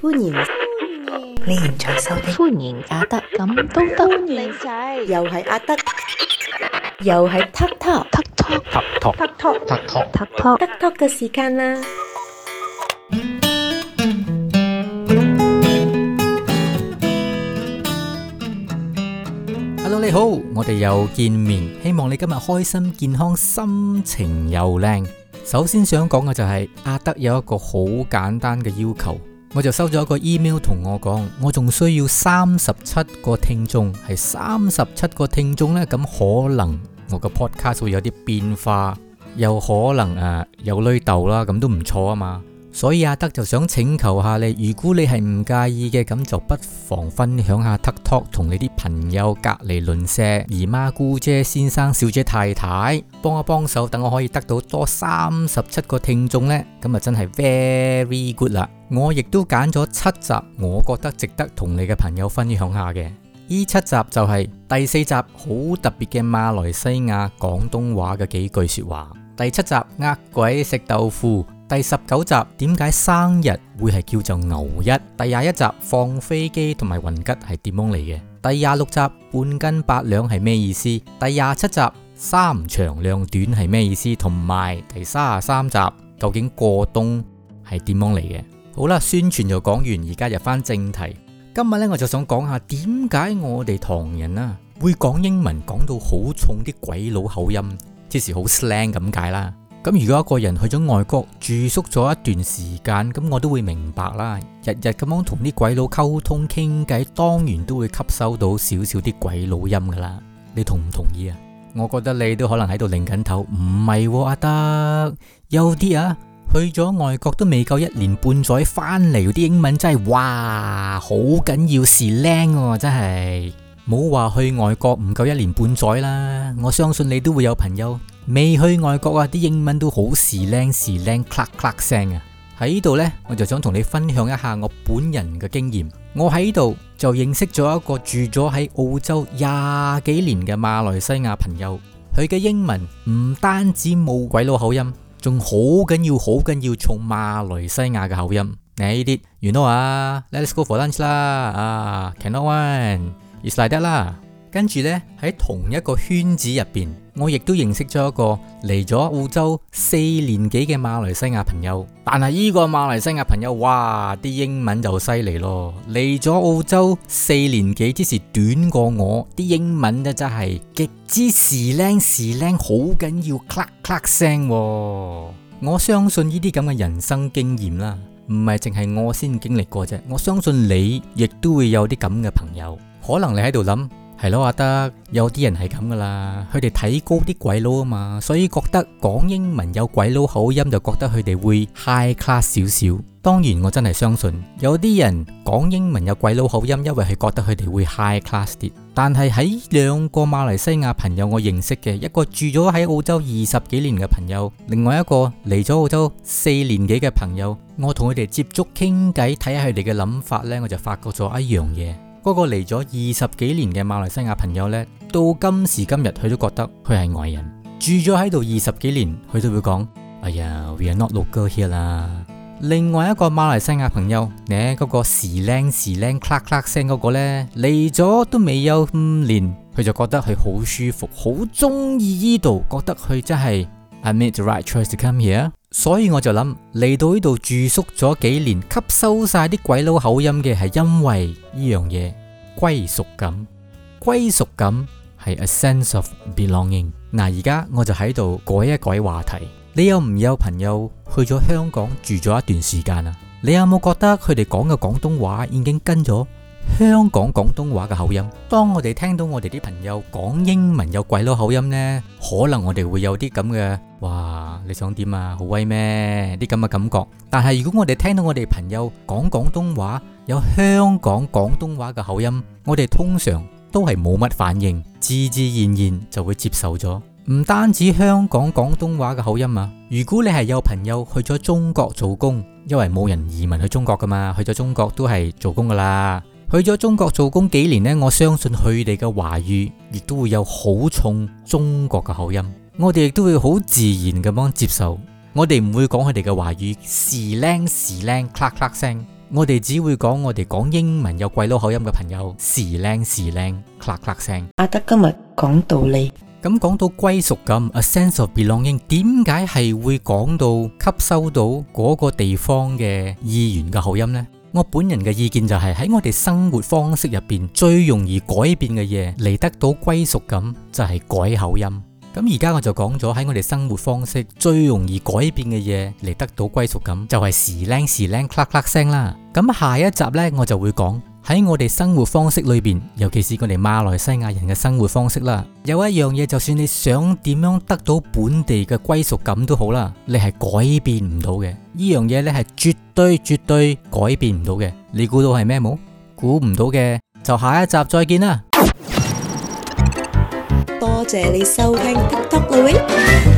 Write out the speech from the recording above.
歡迎，歡迎，你現在收聽歡迎阿德咁都得，靚仔又係阿德，又係 talk talk talk talk talk talk talk talk talk 嘅時間啦。Hello，你好，我哋又見面，希望你今日開心、健康、心情又靚。首先想講嘅就係，阿德有一個好簡單嘅要求。我就收咗一個 email 同我講，我仲需要三十七個聽眾，係三十七個聽眾呢，咁可能我個 podcast 會有啲變化，又可能誒、啊、有擂斗啦，咁都唔錯啊嘛。所以阿德就想請求下你，如果你係唔介意嘅，咁就不妨分享下 TikTok 同你啲朋友隔籬鄰舍、姨媽姑姐、先生小姐、太太幫一幫手，等我可以得到多三十七個聽眾呢。咁啊真係 very good 啦！我亦都揀咗七集，我覺得值得同你嘅朋友分享下嘅。呢、e、七集就係第四集好特別嘅馬來西亞廣東話嘅幾句說話，第七集呃鬼食豆腐。第十九集點解生日會係叫做牛一？第廿一集放飛機同埋雲吉係點樣嚟嘅？第廿六集半斤八兩係咩意思？第廿七集三長兩短係咩意思？同埋第三十三集究竟過冬係點樣嚟嘅？好啦，宣傳就講完，而家入翻正題。今日呢，我就想講下點解我哋唐人啊會講英文講到好重啲鬼佬口音，即是好 slang 咁解啦。咁如果一個人去咗外國住宿咗一段時間，咁我都會明白啦。日日咁樣同啲鬼佬溝通傾偈，當然都會吸收到少少啲鬼佬音噶啦。你同唔同意啊？我覺得你都可能喺度擰緊頭，唔係喎。阿德，有啲啊，去咗外國都未夠一年半載，翻嚟啲英文真係哇，好緊要是靚喎，真係。冇話去外國唔夠一年半載啦，我相信你都會有朋友未去外國啊，啲英文都好時靚時靚，click click 聲啊。喺呢度呢，我就想同你分享一下我本人嘅經驗。我喺呢度就認識咗一個住咗喺澳洲廿幾年嘅馬來西亞朋友，佢嘅英文唔單止冇鬼佬口音，仲好緊要好緊要，重馬來西亞嘅口音，你啲，you know 啊，let's go for lunch 啦，啊 cannot one。熱晒得啦，like、跟住呢，喺同一個圈子入邊，我亦都認識咗一個嚟咗澳洲四年幾嘅馬來西亞朋友。但係呢個馬來西亞朋友，哇，啲英文就犀利咯！嚟咗澳洲四年幾之時，短過我啲英文咧，真係極之時靚時靚，好緊要，咔咔聲。我相信呢啲咁嘅人生經驗啦。唔係淨係我先經歷過啫，我相信你亦都會有啲咁嘅朋友。可能你喺度諗，係咯阿德、啊，有啲人係咁噶啦，佢哋睇高啲鬼佬啊嘛，所以覺得講英文有鬼佬口音就覺得佢哋會 high class 少少。當然，我真係相信有啲人講英文有鬼佬口音，因為係覺得佢哋會 high class 啲。但係喺兩個馬來西亞朋友我認識嘅，一個住咗喺澳洲二十幾年嘅朋友，另外一個嚟咗澳洲四年幾嘅朋友，我同佢哋接觸傾偈，睇下佢哋嘅諗法呢，我就發覺咗一樣嘢。嗰個嚟咗二十幾年嘅馬來西亞朋友呢，到今時今日，佢都覺得佢係外人，住咗喺度二十幾年，佢都會講：哎呀，We are not local here 啦。另外一個馬來西亞朋友呢，嗰個時靚時靚咔咔聲嗰個呢，嚟咗都未有五年，佢就覺得佢好舒服，好中意呢度，覺得佢真係 I made the right choice to come here 啊！所以我就諗，嚟到呢度住宿咗幾年，吸收晒啲鬼佬口音嘅，係因為呢樣嘢歸屬感。歸屬感係 a sense of belonging。嗱，而家我就喺度改一改話題，你有唔有朋友？去咗香港住咗一段時間啊，你有冇覺得佢哋講嘅廣東話已經跟咗香港廣東話嘅口音？當我哋聽到我哋啲朋友講英文有鬼佬口音呢，可能我哋會有啲咁嘅，哇！你想點啊？好威咩？啲咁嘅感覺。但係如果我哋聽到我哋朋友講廣東話有香港廣東話嘅口音，我哋通常都係冇乜反應，自自然然就會接受咗。唔單止香港廣東話嘅口音啊！如果你係有朋友去咗中國做工，因為冇人移民去中國噶嘛，去咗中國都係做工噶啦。去咗中國做工幾年呢，我相信佢哋嘅華語亦都會有好重中國嘅口音。我哋亦都會好自然咁樣接受，我哋唔會講佢哋嘅華語時靚時靚，clacla 聲。喚喚喚喚，我哋只會講我哋講英文有鬼佬口音嘅朋友時靚時靚，clacla 聲。阿德、啊、今日講道理。咁講到歸屬感，a sense of belonging，點解係會講到吸收到嗰個地方嘅語言嘅口音呢？我本人嘅意見就係喺我哋生活方式入邊最容易改變嘅嘢，嚟得到歸屬感，就係改口音。咁而家我就講咗喺我哋生活方式最容易改變嘅嘢，嚟得到歸屬感，就係時靚時靚 click click 聲啦。咁下一集呢，我就會講。喺我哋生活方式裏邊，尤其是我哋馬來西亞人嘅生活方式啦，有一樣嘢，就算你想點樣得到本地嘅歸屬感都好啦，你係改變唔到嘅，呢樣嘢咧係絕對絕對改變唔到嘅。你估到係咩冇？估唔到嘅，就下一集再見啦！多謝你收聽，Tuck Talk 啦喂。